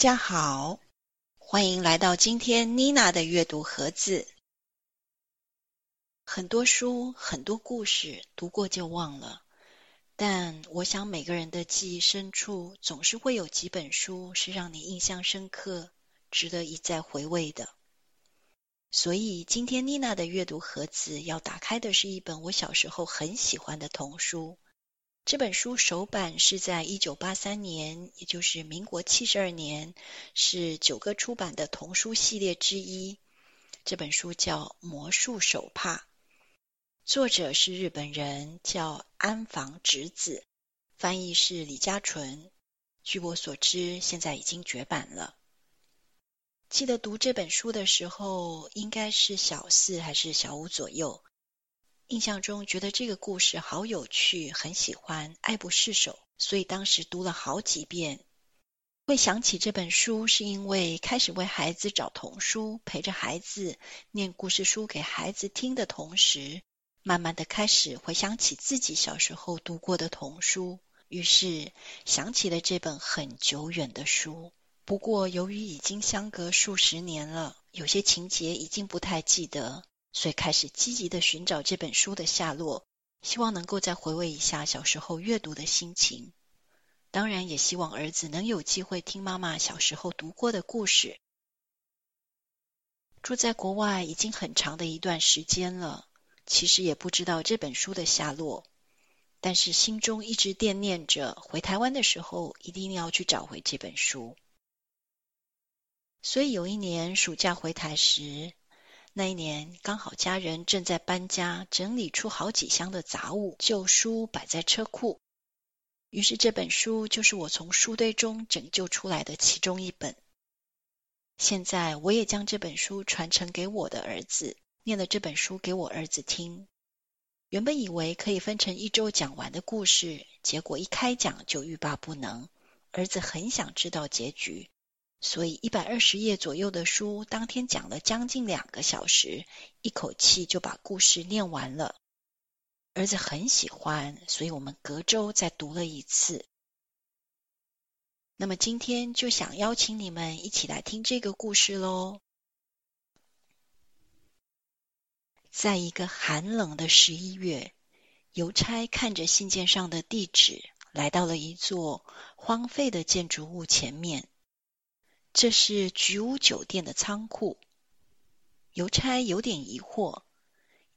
大家好，歡迎來到今天妮娜的閱讀盒子。很多書、很多故事讀過就忘了，但我想每個人的記憶深處總是會有幾本書是讓你印象深刻、值得一再回味的。所以今天妮娜的閱讀盒子要打開的是一本我小時候很喜歡的童書。這本書首版是在1983年，也就是民國72年，是九歌出版的童書系列之一。這本書叫《魔術手帕》，作者是日本人，叫安房直子，翻譯是李嘉純。據我所知，現在已經絕版了。記得讀這本書的時候，應該是小四還是小五左右。印象中覺得這個故事好有趣，很喜歡，愛不釋手，所以當時讀了好幾遍。會想起這本書，是因為開始為孩子找童書，陪着孩子念故事書給孩子聽的同時，慢慢的開始回想起自己小時候讀過的童書，於是想起了這本很久遠的書。不過由於已經相隔數十年了，有些情節已經不太記得。所以開始積極地尋找這本書的下落，希望能夠再回味一下小時候閱讀的心情。當然也希望兒子能有機會聽媽媽小時候讀過的故事。住在國外已經很長的一段時間了，其實也不知道這本書的下落，但是心中一直惦念着回台灣的時候一定要去找回這本書。所以有一年暑假回台時，那一年剛好家人正在搬家，整理出好幾箱的雜物，舊書擺在車庫。於是這本書就是我從書堆中拯救出來的其中一本。現在我也將這本書傳承給我的兒子，念了這本書給我兒子聽。原本以為可以分成一周講完的故事，結果一開講就欲罷不能，兒子很想知道結局。所以一百二十頁左右的書，當天講了將近兩個小時，一口氣就把故事念完了。兒子很喜歡，所以我們隔周再讀了一次。那麼今天就想邀請你們一起來聽這個故事嘍。在一個寒冷的十一月，郵差看着信件上的地址，來到了一座荒廢的建築物前面。這是菊屋酒店的倉庫。郵差有點疑惑，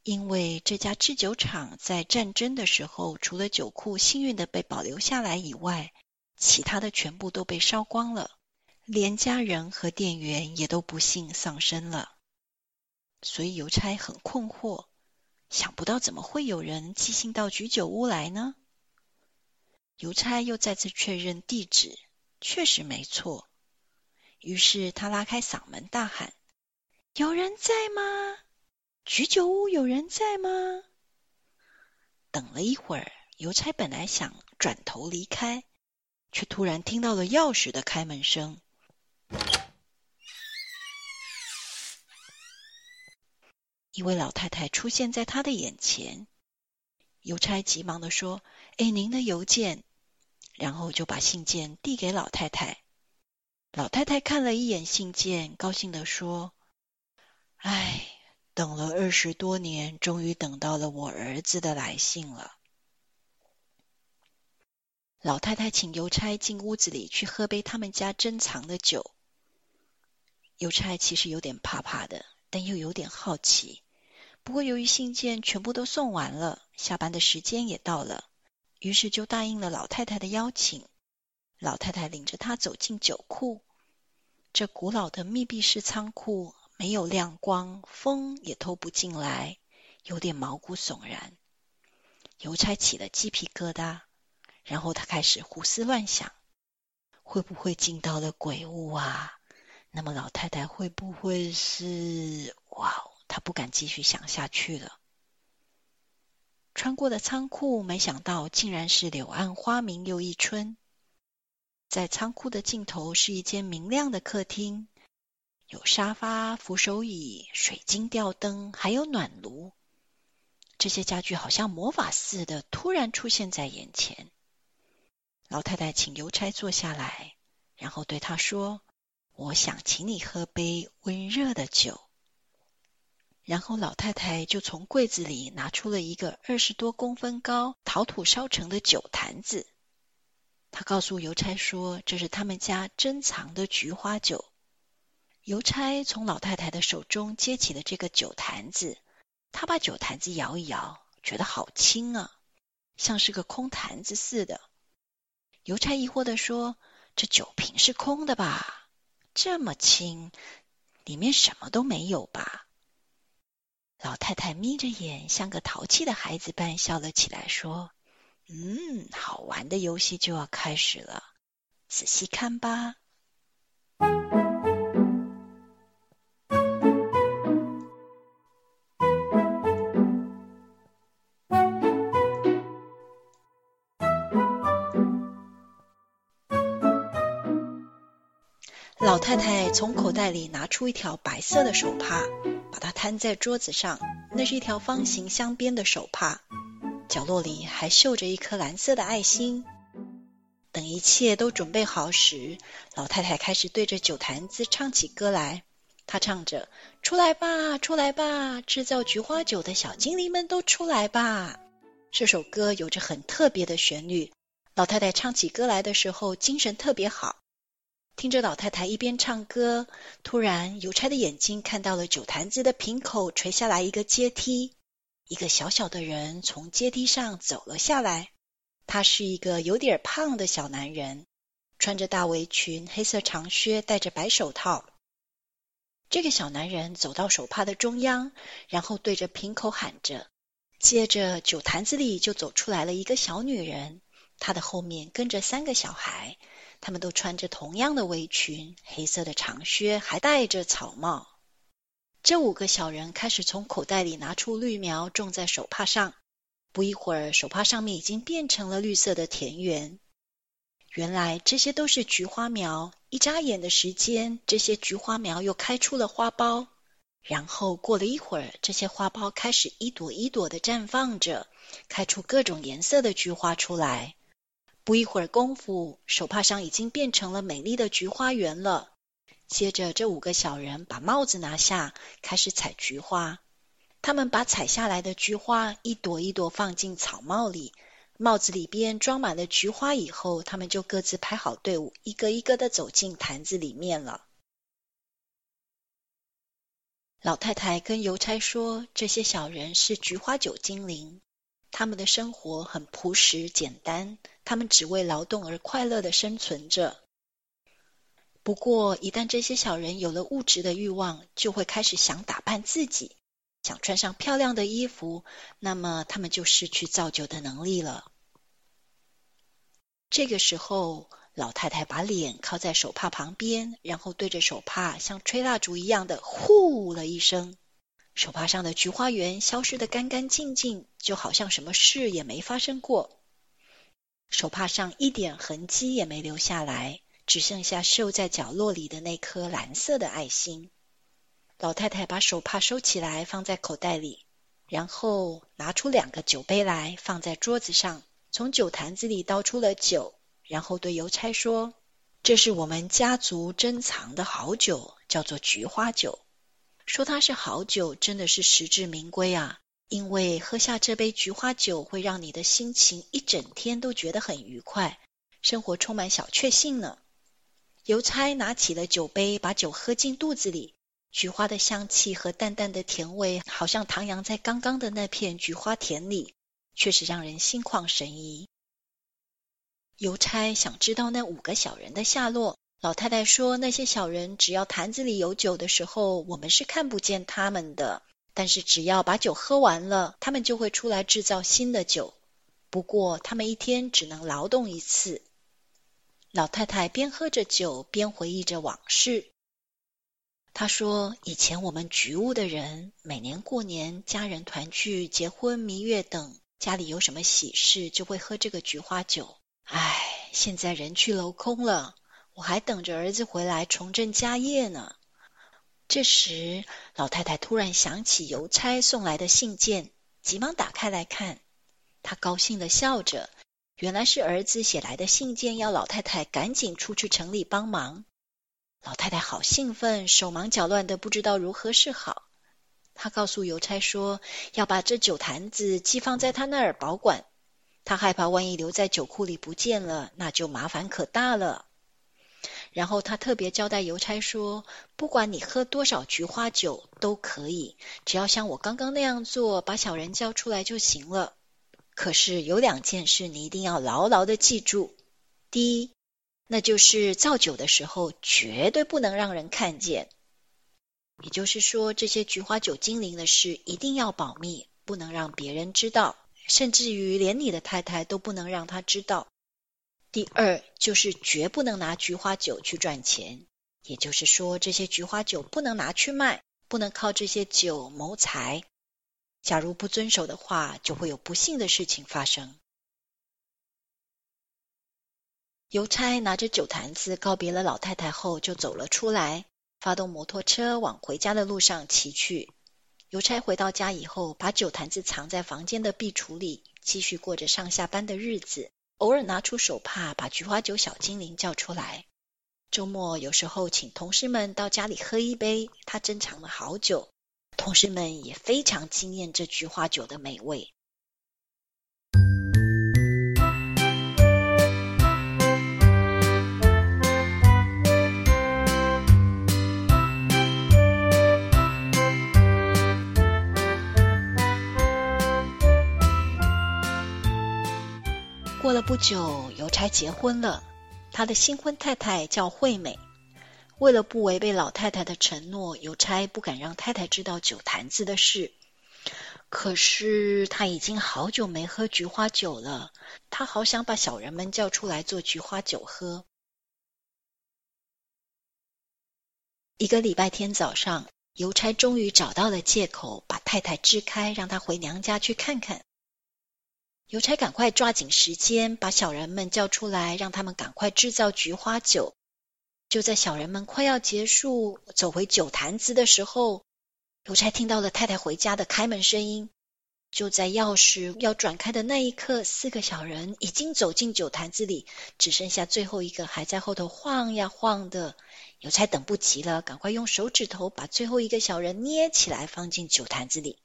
因為這家制酒廠在戰爭的時候，除了酒庫幸運的被保留下來以外，其他的全部都被燒光了，連家人和店員也都不幸喪生了。所以郵差很困惑，想不到怎麼會有人寄信到菊酒屋來呢？郵差又再次確認地址，確實沒錯。於是他拉開嗓門大喊：“有人在嗎？居酒屋有人在嗎？”等了一會兒，郵差本來想轉頭離開，卻突然聽到了鑰匙的開門聲。一位老太太出現在他的眼前，郵差急忙地說：“哎，您的郵件。”然後就把信件遞給老太太。老太太看了一眼信件，高興地說：“哎，等了二十多年，終於等到了我兒子的來信了。”老太太請郵差進屋子裡去喝杯他們家珍藏的酒。郵差其實有點怕怕的，但又有點好奇。不過由於信件全部都送完了，下班的時間也到了，於是就答應了老太太的邀請。老太太領着她走進酒庫，這古老的密閉式倉庫沒有亮光，風也透不進來，有點毛骨悚然。郵差起了雞皮疙瘩，然後他開始胡思亂想：會不會進到了鬼屋啊？那麼老太太會不會是……哇哦，他不敢繼續想下去了。穿過的倉庫，沒想到竟然是柳暗花明又一村。在倉庫的盡頭是一間明亮的客廳，有沙發、扶手椅、水晶吊燈，還有暖爐。這些家具好像魔法似的，突然出現在眼前。老太太請郵差坐下來，然後對他說：“我想請你喝杯溫熱的酒。”然後老太太就從櫃子裡拿出了一個二十多公分高、陶土燒成的酒罈子。他告訴郵差說：“這是他們家珍藏的菊花酒。”郵差從老太太的手中接起了這個酒罈子，他把酒罈子搖一搖，覺得好輕啊，像是個空罈子似的。郵差疑惑地說：“這酒瓶是空的吧？這麼輕，裡面什麼都沒有吧？”老太太眯着眼，像個淘氣的孩子般笑了起來，說。嗯，好玩的遊戲就要開始了，仔細看吧。老太太從口袋裡拿出一條白色的手帕，把它攤在桌子上。那是一條方形鑲邊的手帕。角落裡還繡着一顆藍色的愛心。等一切都準備好時，老太太開始對着酒壇子唱起歌來。她唱着：“出來吧，出來吧，製造菊花酒的小精靈們都出來吧。”這首歌有着很特別的旋律。老太太唱起歌來的時候，精神特別好。聽着老太太一邊唱歌，突然郵差的眼睛看到了酒壇子的瓶口垂下來一個階梯。一個小小的人從階梯上走了下來，他是一個有點胖的小男人，穿着大圍裙、黑色長靴，戴着白手套。這個小男人走到手帕的中央，然後對着瓶口喊着，接着酒罈子裡就走出來了一個小女人，她的後面跟着三個小孩，他們都穿着同樣的圍裙、黑色的長靴，還戴着草帽。這五個小人開始從口袋裡拿出綠苗，種在手帕上。不一會兒，手帕上面已經變成了綠色的田園。原來這些都是菊花苗。一眨眼的時間，這些菊花苗又開出了花苞。然後過了一會兒，這些花苞開始一朵一朵地綻放着，開出各種顏色的菊花出來。不一會兒功夫，手帕上已經變成了美麗的菊花園了。接着，這五個小人把帽子拿下，開始採菊花。他們把採下來的菊花一朵一朵放進草帽裡，帽子裡邊裝滿了菊花以後，他們就各自排好隊伍，一個一個的走進罈子裡面了。老太太跟郵差說，這些小人是菊花酒精靈，他們的生活很樸實簡單，他們只為勞動而快樂地生存着。不過，一旦這些小人有了物質的慾望，就會開始想打扮自己，想穿上漂亮的衣服，那麼他們就失去造就的能力了。這個時候，老太太把臉靠在手帕旁邊，然後對着手帕像吹蠟燭一樣的“呼”了一聲，手帕上的菊花園消失得干干淨淨，就好像什麼事也沒發生過，手帕上一點痕跡也沒留下來。只剩下繡在角落裡的那顆藍色的愛心。老太太把手帕收起來，放在口袋裡，然後拿出兩個酒杯來，放在桌子上，從酒罈子裡倒出了酒，然後對郵差說：“這是我們家族珍藏的好酒，叫做菊花酒。說它是好酒，真的是實至名歸啊！因為喝下這杯菊花酒，會讓你的心情一整天都覺得很愉快，生活充滿小確幸呢。”郵差拿起了酒杯，把酒喝進肚子裡。菊花的香氣和淡淡的甜味，好像徜徉在剛剛的那片菊花田裡，確實讓人心曠神怡。郵差想知道那五個小人的下落。老太太說，那些小人只要罈子裡有酒的時候，我們是看不見他們的。但是只要把酒喝完了，他們就會出來製造新的酒。不過他們一天只能勞動一次。老太太邊喝着酒，邊回憶着往事。她說：“以前我們菊屋的人，每年過年、家人團聚、結婚、蜜月等，家裡有什麼喜事，就會喝這個菊花酒。唉，現在人去樓空了，我還等着兒子回來重振家業呢。”這時，老太太突然想起郵差送來的信件，急忙打開來看，她高興地笑着。原來是兒子寫來的信件，要老太太趕緊出去城裡幫忙。老太太好興奮，手忙腳亂的，不知道如何是好。她告訴郵差說，要把這酒罈子寄放在他那兒保管。她害怕萬一留在酒庫裡不見了，那就麻煩可大了。然後她特別交代郵差說，不管你喝多少菊花酒都可以，只要像我剛剛那樣做，把小人叫出來就行了。可是有兩件事你一定要牢牢的記住，第一，那就是造酒的時候絕對不能讓人看見，也就是說這些菊花酒精靈的事一定要保密，不能讓別人知道，甚至於連你的太太都不能讓他知道。第二，就是絕不能拿菊花酒去賺錢，也就是說這些菊花酒不能拿去賣，不能靠這些酒謀財。假如不遵守的話，就會有不幸的事情發生。郵差拿着酒罈子告別了老太太後，就走了出來，發動摩托車往回家的路上騎去。郵差回到家以後，把酒罈子藏在房間的壁櫥裡，繼續過着上下班的日子，偶爾拿出手帕，把菊花酒小精靈叫出來。周末有時候請同事們到家裡喝一杯，他珍藏了好酒。同事們也非常驚艷這菊花酒的美味。過了不久，郵差結婚了，他的新婚太太叫惠美。為了不違背老太太的承諾，郵差不敢讓太太知道酒罈子的事。可是他已經好久沒喝菊花酒了，他好想把小人們叫出來做菊花酒喝。一個禮拜天早上，郵差終於找到了借口，把太太支開，讓她回娘家去看看。郵差趕快抓緊時間，把小人們叫出來，讓他們趕快制造菊花酒。就在小人們快要結束走回酒罈子的時候，郵差聽到了太太回家的開門聲音。就在鑰匙要轉開的那一刻，四個小人已經走進酒罈子裡，只剩下最後一個還在後頭晃呀晃的。郵差等不及了，趕快用手指頭把最後一個小人捏起來，放進酒罈子裡。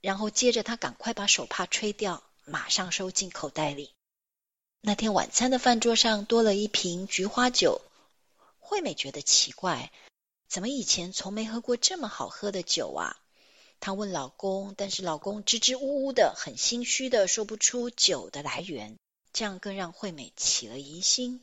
然後接着他趕快把手帕吹掉，馬上收進口袋裡。那天晚餐的飯桌上多了一瓶菊花酒。惠美覺得奇怪，怎麼以前從沒喝過這麼好喝的酒啊？她問老公，但是老公支支吾吾的，很心虛的說不出酒的來源，這樣更讓惠美起了疑心。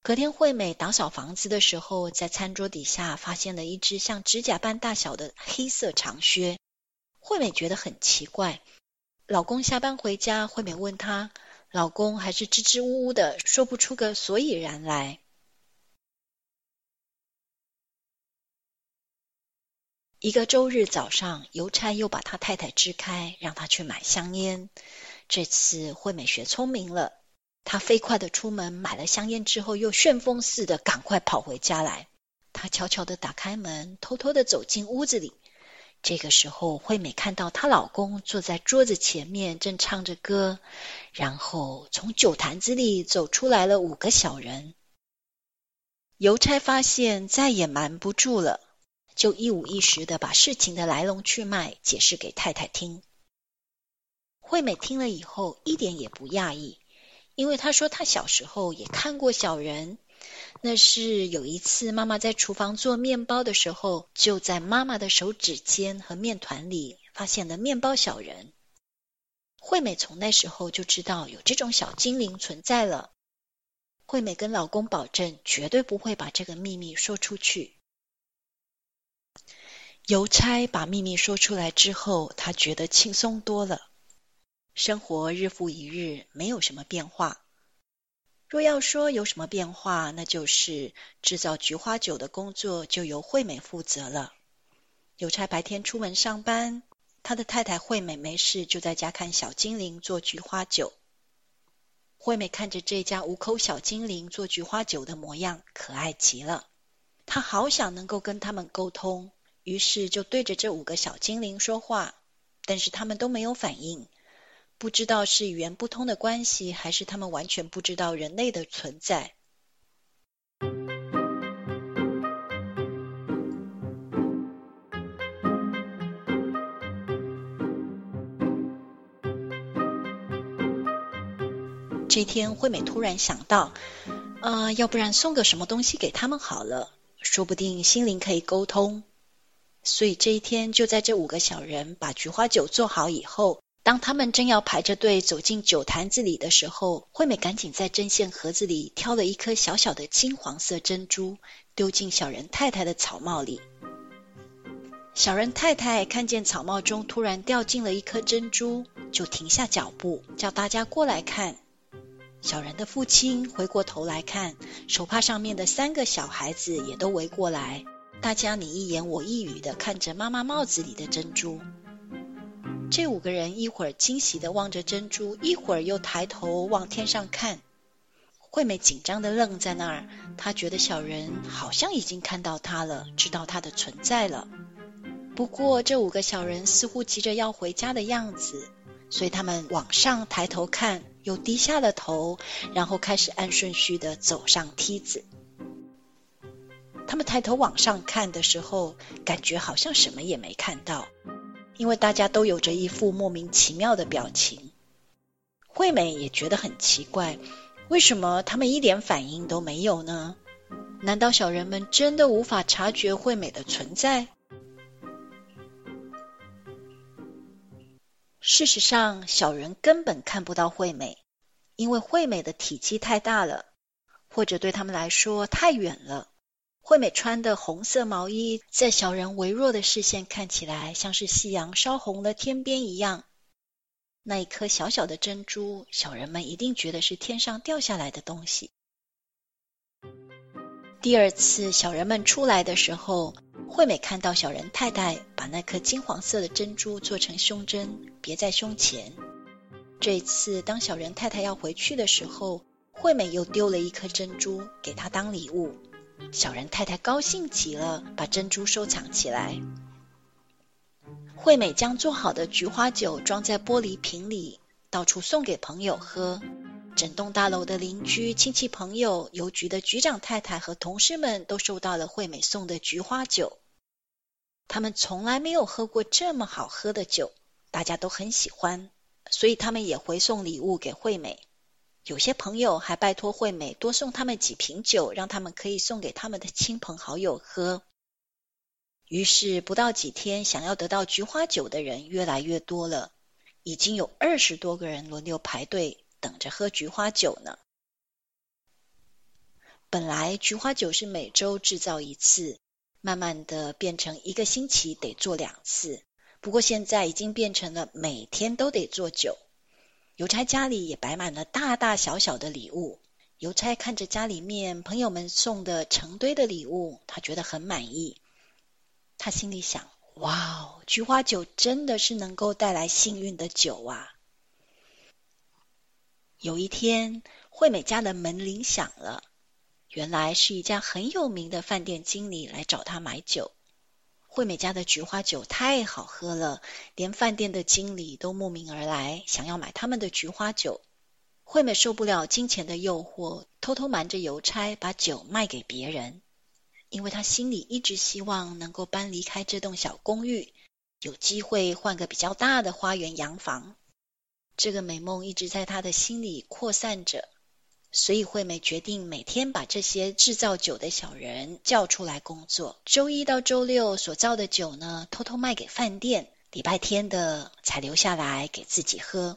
隔天惠美打掃房子的時候，在餐桌底下發現了一隻像指甲般大小的黑色長靴，惠美覺得很奇怪。老公下班回家，惠美問他。老公還是支支吾吾的，說不出個所以然來。一個周日早上，郵差又把他太太支開，讓他去買香菸。這次惠美學聰明了，她飛快的出門買了香菸，之後又旋風似的趕快跑回家來。她悄悄的打開門，偷偷的走進屋子裡。這個時候，惠美看到她老公坐在桌子前面正唱着歌，然後從酒罈子裡走出來了五個小人。郵差發現再也瞞不住了，就一五一十的把事情的來龍去脈解釋給太太聽。惠美聽了以後一點也不訝異，因為她說她小時候也看過小人。那是有一次，媽媽在廚房做麵包的時候，就在媽媽的手指間和麵團裡發現了麵包小人。惠美從那時候就知道有這種小精靈存在了。惠美跟老公保證，絕對不會把這個秘密說出去。郵差把秘密說出來之後，他覺得輕鬆多了。生活日復一日，沒有什麼變化。若要說有什麼變化，那就是製造菊花酒的工作就由惠美負責了。郵差白天出門上班，他的太太惠美沒事就在家看小精靈做菊花酒。惠美看着這家五口小精靈做菊花酒的模樣，可愛極了。她好想能夠跟他們溝通，於是就對着這五個小精靈說話，但是他們都沒有反應。不知道是語言不通的關係，還是他們完全不知道人類的存在。這一天，惠美突然想到，呃，要不然送個什麼東西給他們好了，說不定心靈可以溝通。所以這一天，就在這五個小人把菊花酒做好以後。當他們正要排着隊走進酒壇子裡的時候，惠美趕緊在針線盒子裡挑了一顆小小的金黃色珍珠，丟進小人太太的草帽裡。小人太太看見草帽中突然掉進了一顆珍珠，就停下腳步，叫大家過來看。小人的父親回過頭來看，手帕上面的三個小孩子也都圍過來，大家你一言我一語地看着媽媽帽子裡的珍珠。這五個人一會兒驚喜地望着珍珠，一會兒又抬頭往天上看。惠美緊張地愣在那兒，她覺得小人好像已經看到她了，知道她的存在了。不過，這五個小人似乎急着要回家的樣子，所以他們往上抬頭看，又低下了頭，然後開始按順序地走上梯子。他們抬頭往上看的時候，感覺好像什麼也沒看到。因為大家都有着一副莫名其妙的表情，惠美也覺得很奇怪，為什麼他們一點反應都沒有呢？難道小人們真的無法察覺惠美的存在？事實上，小人根本看不到惠美，因為惠美的體積太大了，或者對他們來說太遠了。惠美穿的紅色毛衣，在小人微弱的視線看起來，像是夕陽燒紅了天邊一樣。那一顆小小的珍珠，小人們一定覺得是天上掉下來的東西。第二次小人們出來的時候，惠美看到小人太太把那顆金黃色的珍珠做成胸針，別在胸前。這一次當小人太太要回去的時候，惠美又丟了一顆珍珠給她當禮物。小人太太高興極了，把珍珠收藏起來。惠美將做好的菊花酒裝在玻璃瓶裡，到處送給朋友喝。整棟大樓的鄰居、親戚、朋友、郵局的局長太太和同事們都收到了惠美送的菊花酒。他們從來沒有喝過這麼好喝的酒，大家都很喜歡，所以他們也回送禮物給惠美。有些朋友還拜托惠美多送他們幾瓶酒，讓他們可以送給他們的親朋好友喝。於是不到幾天，想要得到菊花酒的人越來越多了，已經有二十多個人輪流排隊等着喝菊花酒呢。本來菊花酒是每周制造一次，慢慢的變成一個星期得做兩次，不過現在已經變成了每天都得做酒。郵差家裡也擺滿了大大小小的禮物。郵差看着家裡面朋友們送的成堆的禮物，他覺得很滿意。他心裡想：哇哦，菊花酒真的是能夠帶來幸運的酒啊！有一天，惠美家的門鈴響了，原來是一家很有名的飯店經理來找他買酒。惠美家的菊花酒太好喝了，連飯店的經理都慕名而來，想要買他們的菊花酒。惠美受不了金錢的誘惑，偷偷瞞着郵差把酒賣給別人，因為她心裡一直希望能夠搬離開這棟小公寓，有機會換個比較大的花園洋房。這個美夢一直在她的心裡擴散着。所以惠美決定每天把這些製造酒的小人叫出來工作。週一到週六所造的酒呢，偷偷賣給飯店；禮拜天的才留下來給自己喝。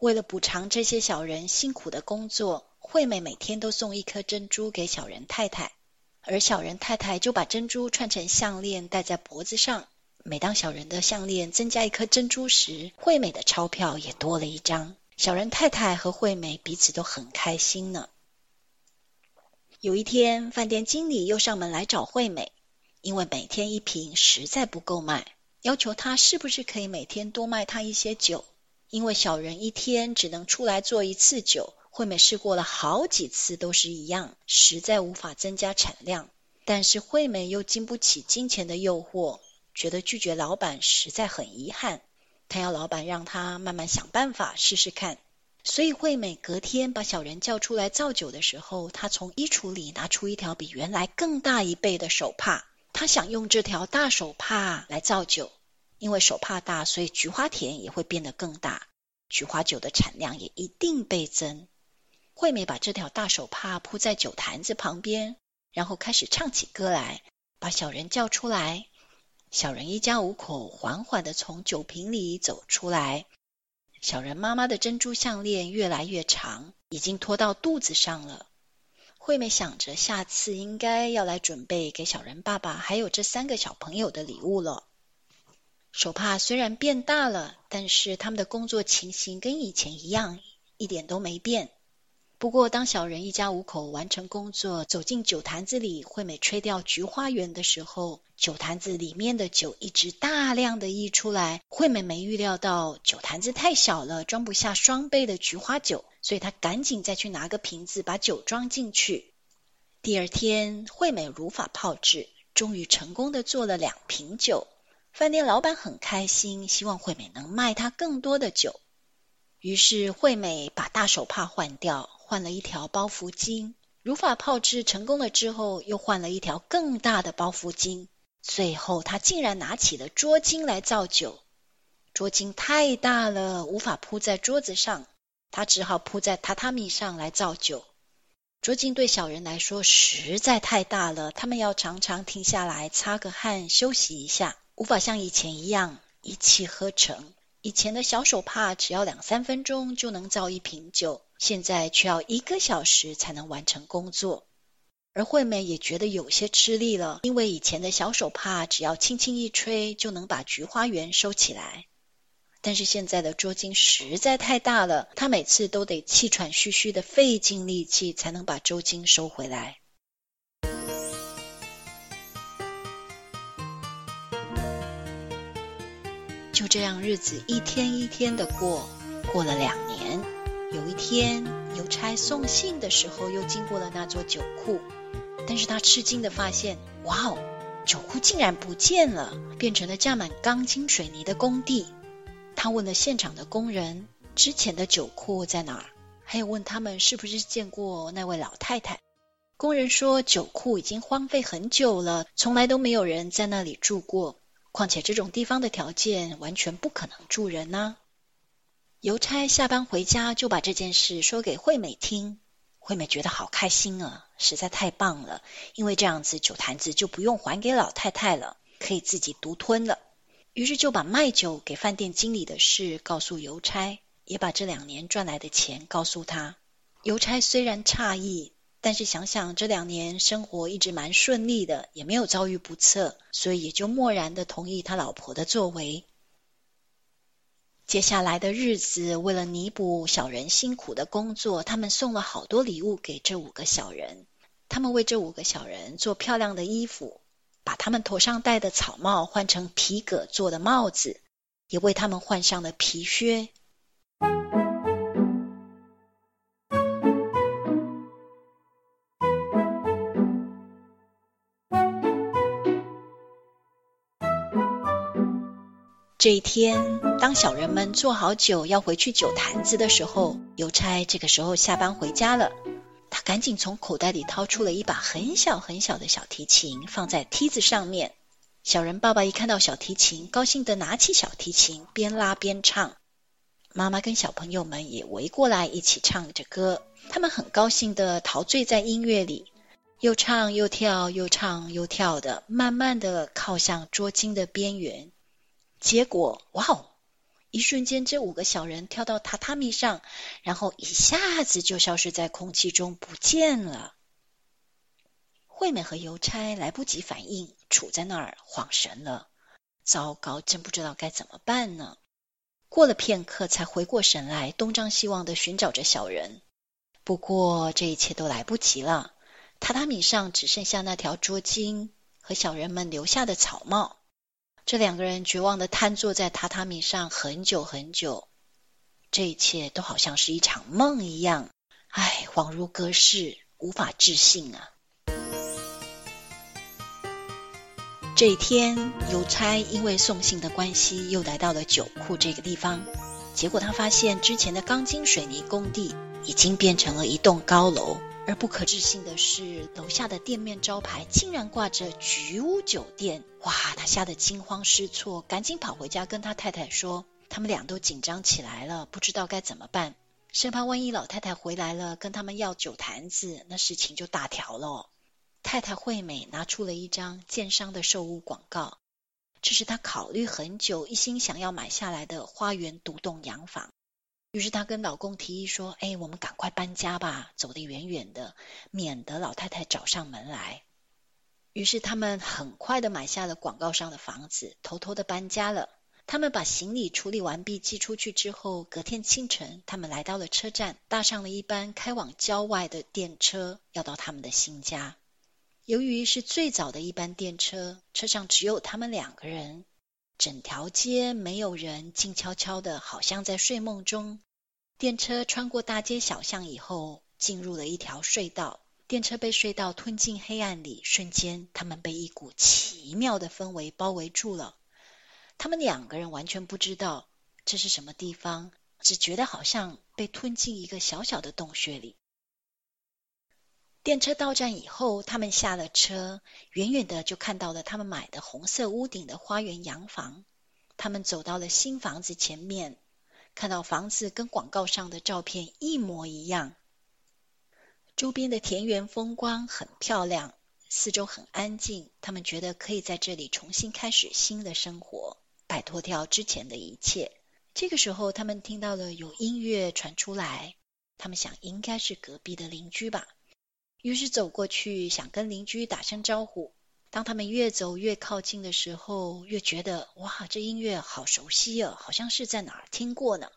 為了補償這些小人辛苦的工作，惠美每天都送一顆珍珠給小人太太，而小人太太就把珍珠串成項鏈戴在脖子上。每當小人的項鏈增加一顆珍珠時，惠美的鈔票也多了一張。小人太太和惠美彼此都很開心呢。有一天，飯店經理又上門來找惠美，因為每天一瓶實在不夠賣，要求她是不是可以每天多賣她一些酒。因為小人一天只能出來做一次酒，惠美試過了好幾次都是一樣，實在無法增加產量。但是惠美又經不起金錢的誘惑，覺得拒絕老闆實在很遺憾。他要老闆讓他慢慢想辦法試試看，所以惠美隔天把小人叫出來造酒的時候，她從衣櫥裡拿出一條比原來更大一倍的手帕，她想用這條大手帕來造酒，因為手帕大，所以菊花田也會變得更大，菊花酒的產量也一定倍增。惠美把這條大手帕鋪在酒壇子旁邊，然後開始唱起歌來，把小人叫出來。小人一家五口緩緩地從酒瓶裡走出來，小人媽媽的珍珠項鏈越來越長，已經拖到肚子上了。惠美想着，下次應該要來準備給小人爸爸還有這三個小朋友的禮物了。手帕雖然變大了，但是他們的工作情形跟以前一樣，一點都沒變。不過，當小人一家五口完成工作，走進酒罈子裡，惠美吹掉菊花園的時候，酒罈子裡面的酒一直大量地溢出來。惠美沒預料到酒罈子太小了，裝不下雙倍的菊花酒，所以她趕緊再去拿個瓶子把酒裝進去。第二天，惠美如法炮製，終於成功的做了兩瓶酒。飯店老板很開心，希望惠美能賣他更多的酒。於是惠美把大手帕換掉，換了一條包袱巾。如法炮制成功了之後，又換了一條更大的包袱巾。最後，她竟然拿起了桌巾來造酒。桌巾太大了，無法鋪在桌子上，她只好鋪在榻榻米上來造酒。桌巾對小人來說實在太大了，他們要常常停下來擦個汗休息一下，無法像以前一樣一氣呵成。以前的小手帕，只要兩三分鐘就能造一瓶酒，現在卻要一個小時才能完成工作。而惠美也覺得有些吃力了，因為以前的小手帕只要輕輕一吹就能把菊花園收起來，但是現在的桌巾實在太大了，她每次都得氣喘吁吁的費盡力氣才能把桌巾收回來。就這樣日子一天一天的過，過了兩年，有一天郵差送信的時候又經過了那座酒庫，但是他吃驚的發現，哇哦，酒庫竟然不見了，變成了架滿鋼筋水泥的工地。他問了現場的工人，之前的酒庫在哪？還有問他們是不是見過那位老太太。工人說酒庫已經荒廢很久了，從來都沒有人在那裡住過。況且這種地方的條件完全不可能住人吶、啊。郵差下班回家就把這件事說給惠美聽，惠美覺得好開心啊，實在太棒了，因為這樣子酒罈子就不用還給老太太了，可以自己獨吞了。於是就把賣酒給飯店經理的事告訴郵差，也把這兩年賺來的錢告訴他。郵差雖然詫異，但是想想這兩年生活一直蠻順利的，也沒有遭遇，不測，所以也就默然的同意他老婆的作為。接下來的日子，為了彌補小人辛苦的工作，他們送了好多禮物給這五個小人。他們為這五個小人做漂亮的衣服，把他們頭上戴的草帽換成皮革做的帽子，也為他們換上了皮靴。這一天，當小人們做好酒要回去酒罈子的時候，郵差這個時候下班回家了。他趕緊從口袋裡掏出了一把很小很小的小提琴，放在梯子上面。小人爸爸一看到小提琴，高興地拿起小提琴，邊拉邊唱。媽媽跟小朋友們也圍過來一起唱着歌，他們很高興地陶醉在音樂裡，又唱又跳，又唱又跳的，慢慢地靠向桌巾的邊緣。結果，哇哦！一瞬間，這五個小人跳到榻榻米上，然後一下子就消失在空氣中，不見了。惠美和郵差來不及反應，杵在那兒，恍神了。糟糕，真不知道該怎麼辦呢。過了片刻，才回過神來，東張西望地尋找着小人。不過，這一切都來不及了。榻榻米上只剩下那條桌巾和小人們留下的草帽。這兩個人絕望地癱坐在榻榻米上很久很久，這一切都好像是一場夢一樣，唉，恍如隔世，無法置信啊！這一天，郵差因為送信的關係又來到了酒庫這個地方，結果他發現之前的鋼筋水泥工地已經變成了一棟高樓。而不可置信的是，樓下的店面招牌竟然掛着菊屋酒店。哇，他嚇得驚慌失措，趕緊跑回家跟他太太說，他們倆都緊張起來了，不知道該怎麼辦，生怕萬一老太太回來了跟他們要酒壇子，那事情就大條了。太太惠美拿出了一張建商的售屋廣告，這是她考慮很久，一心想要買下來的花園獨棟洋房。於是她跟老公提議說：“哎，我們趕快搬家吧，走得遠遠的，免得老太太找上門來。”於是他們很快地買下了廣告上的房子，偷偷地搬家了。他們把行李處理完畢寄出去之後，隔天清晨，他們來到了車站，搭上了一班開往郊外的電車，要到他們的新家。由於是最早的一班電車，車上只有他們兩個人。整條街沒有人，靜悄悄的，好像在睡夢中。電車穿過大街小巷以後，進入了一條隧道。電車被隧道吞進黑暗裡，瞬間，他們被一股奇妙的氛圍包圍住了。他們兩個人完全不知道這是什麼地方，只覺得好像被吞進一個小小的洞穴裡。電車到站以後，他們下了車，遠遠的就看到了他們買的紅色屋頂的花園洋房。他們走到了新房子前面，看到房子跟廣告上的照片一模一樣。周邊的田園風光很漂亮，四周很安靜。他們覺得可以在這裡重新開始新的生活，擺脫掉之前的一切。這個時候，他們聽到了有音樂傳出來，他們想應該是隔壁的鄰居吧。於是走過去，想跟鄰居打聲招呼。當他們越走越靠近的時候，越覺得哇，這音樂好熟悉啊，好像是在哪兒聽過呢？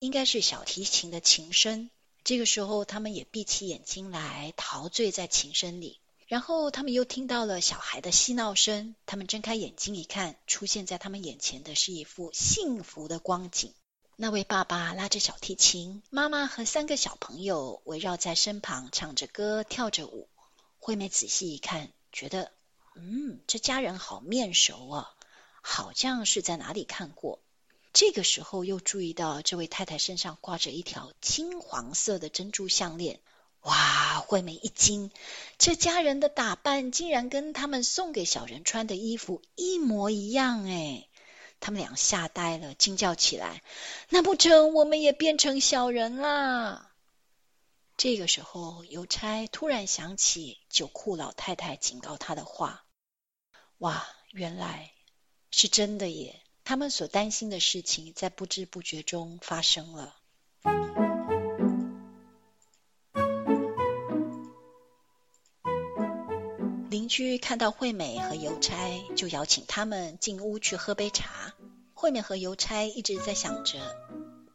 應該是小提琴的琴聲。這個時候，他們也閉起眼睛來，陶醉在琴聲裡。然後他們又聽到了小孩的嬉鬧聲。他們睜開眼睛一看，出現在他們眼前的是一幅幸福的光景。那位爸爸拉着小提琴，媽媽和三個小朋友圍繞在身旁，唱着歌，跳着舞。惠美仔細一看，覺得，嗯，這家人好面熟啊，好像是在哪裡看過。這個時候又注意到這位太太身上掛着一條金黃色的珍珠項鏈，哇！惠美一驚，這家人的打扮竟然跟他們送給小人穿的衣服一模一樣，誒。他們倆嚇呆了，驚叫起來：“難不成我們也變成小人啦？”這個時候，郵差突然想起酒庫老太太警告他的話：“哇，原來是真的耶！”他們所擔心的事情，在不知不覺中發生了。鄰居看到惠美和郵差，就邀請他們進屋去喝杯茶。惠美和郵差一直在想着，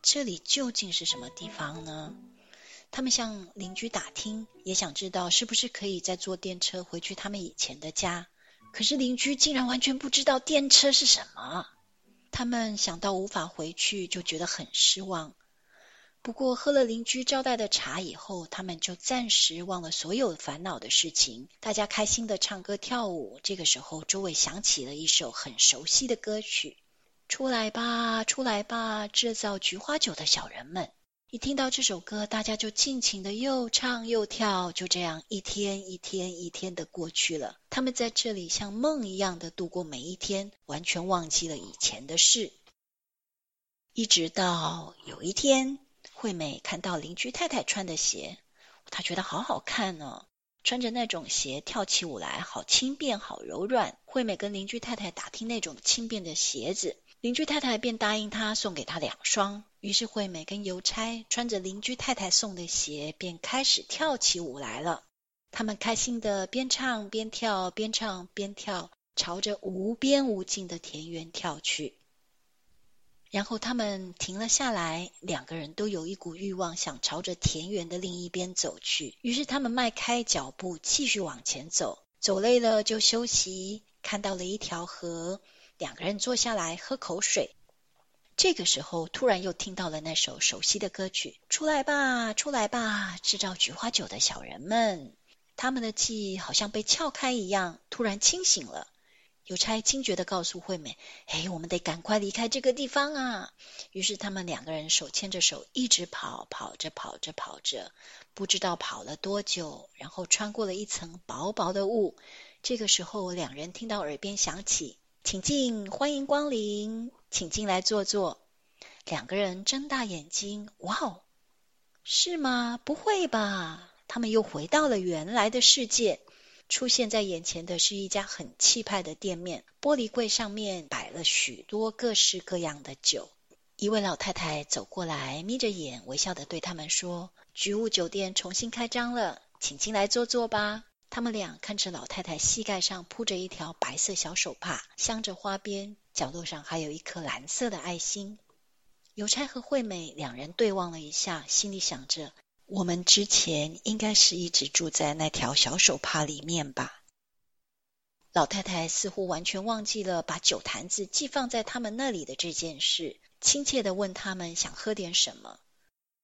這裡究竟是什麼地方呢？他們向鄰居打聽，也想知道是不是可以再坐電車回去他們以前的家。可是鄰居竟然完全不知道電車是什麼。他們想到無法回去，就覺得很失望。不過喝了鄰居招待的茶以後，他們就暫時忘了所有煩惱的事情。大家開心的唱歌跳舞。這個時候，周圍響起了一首很熟悉的歌曲：“出來吧，出來吧，製造菊花酒的小人們！”一聽到這首歌，大家就盡情的又唱又跳。就這樣，一天一天一天的過去了。他們在這裡像夢一樣的度過每一天，完全忘記了以前的事。一直到有一天。惠美看到鄰居太太穿的鞋，她覺得好好看哦、啊。穿着那種鞋跳起舞來，好輕便，好柔軟。惠美跟鄰居太太打聽那種輕便的鞋子，鄰居太太便答應她送給她兩雙。於是惠美跟郵差穿着鄰居太太送的鞋，便開始跳起舞來了。他們開心地邊唱邊跳，邊唱邊跳，朝着無邊無盡的田園跳去。然後他們停了下來，兩個人都有一股欲望，想朝着田園的另一邊走去。於是他們邁開腳步，繼續往前走。走累了就休息。看到了一條河，兩個人坐下來喝口水。這個時候，突然又聽到了那首熟悉的歌曲：“出來吧，出來吧，製造菊花酒的小人們。”他們的記憶好像被撬開一樣，突然清醒了。郵差驚覺地告訴惠美：“哎，我們得趕快離開這個地方啊！”於是他們兩個人手牽着手，一直跑，跑着跑着跑着，不知道跑了多久，然後穿過了一層薄薄的霧。這個時候，兩人聽到耳邊響起：“請進，歡迎光臨，請進來坐坐。”兩個人睜大眼睛：“哇哦，是嗎？不會吧？”他們又回到了原來的世界。出現在眼前的是一家很氣派的店面，玻璃櫃上面擺了許多各式各樣的酒。一位老太太走過來，眯着眼，微笑的對他們說：“菊物酒店重新開張了，請進來坐坐吧。”他們倆看着老太太膝蓋上鋪着一條白色小手帕，鑲着花邊，角落上還有一顆藍色的愛心。郵差和惠美兩人對望了一下，心裡想着。我們之前應該是一直住在那條小手帕裡面吧？老太太似乎完全忘記了把酒罈子寄放在他們那裡的這件事，親切地問他們想喝點什麼。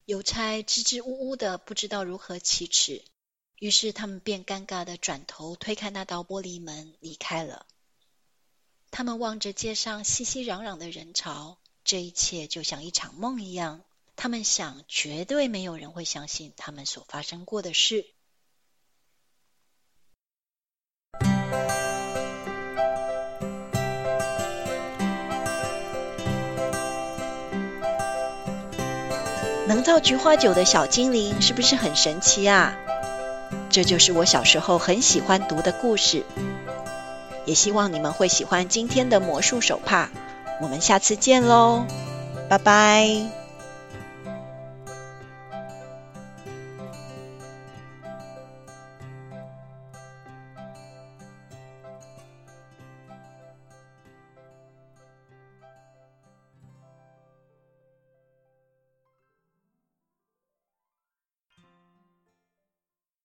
郵差支支吾吾的，不知道如何啟齒，於是他們便尷尬地轉頭推開那道玻璃門離開了。他們望着街上熙熙攘攘的人潮，這一切就像一場夢一樣。他們想，絕對沒有人會相信他們所發生過的事。能造菊花酒的小精靈是不是很神奇啊？這就是我小時候很喜歡讀的故事，也希望你們會喜歡今天的魔術手帕。我們下次見嘍，拜拜。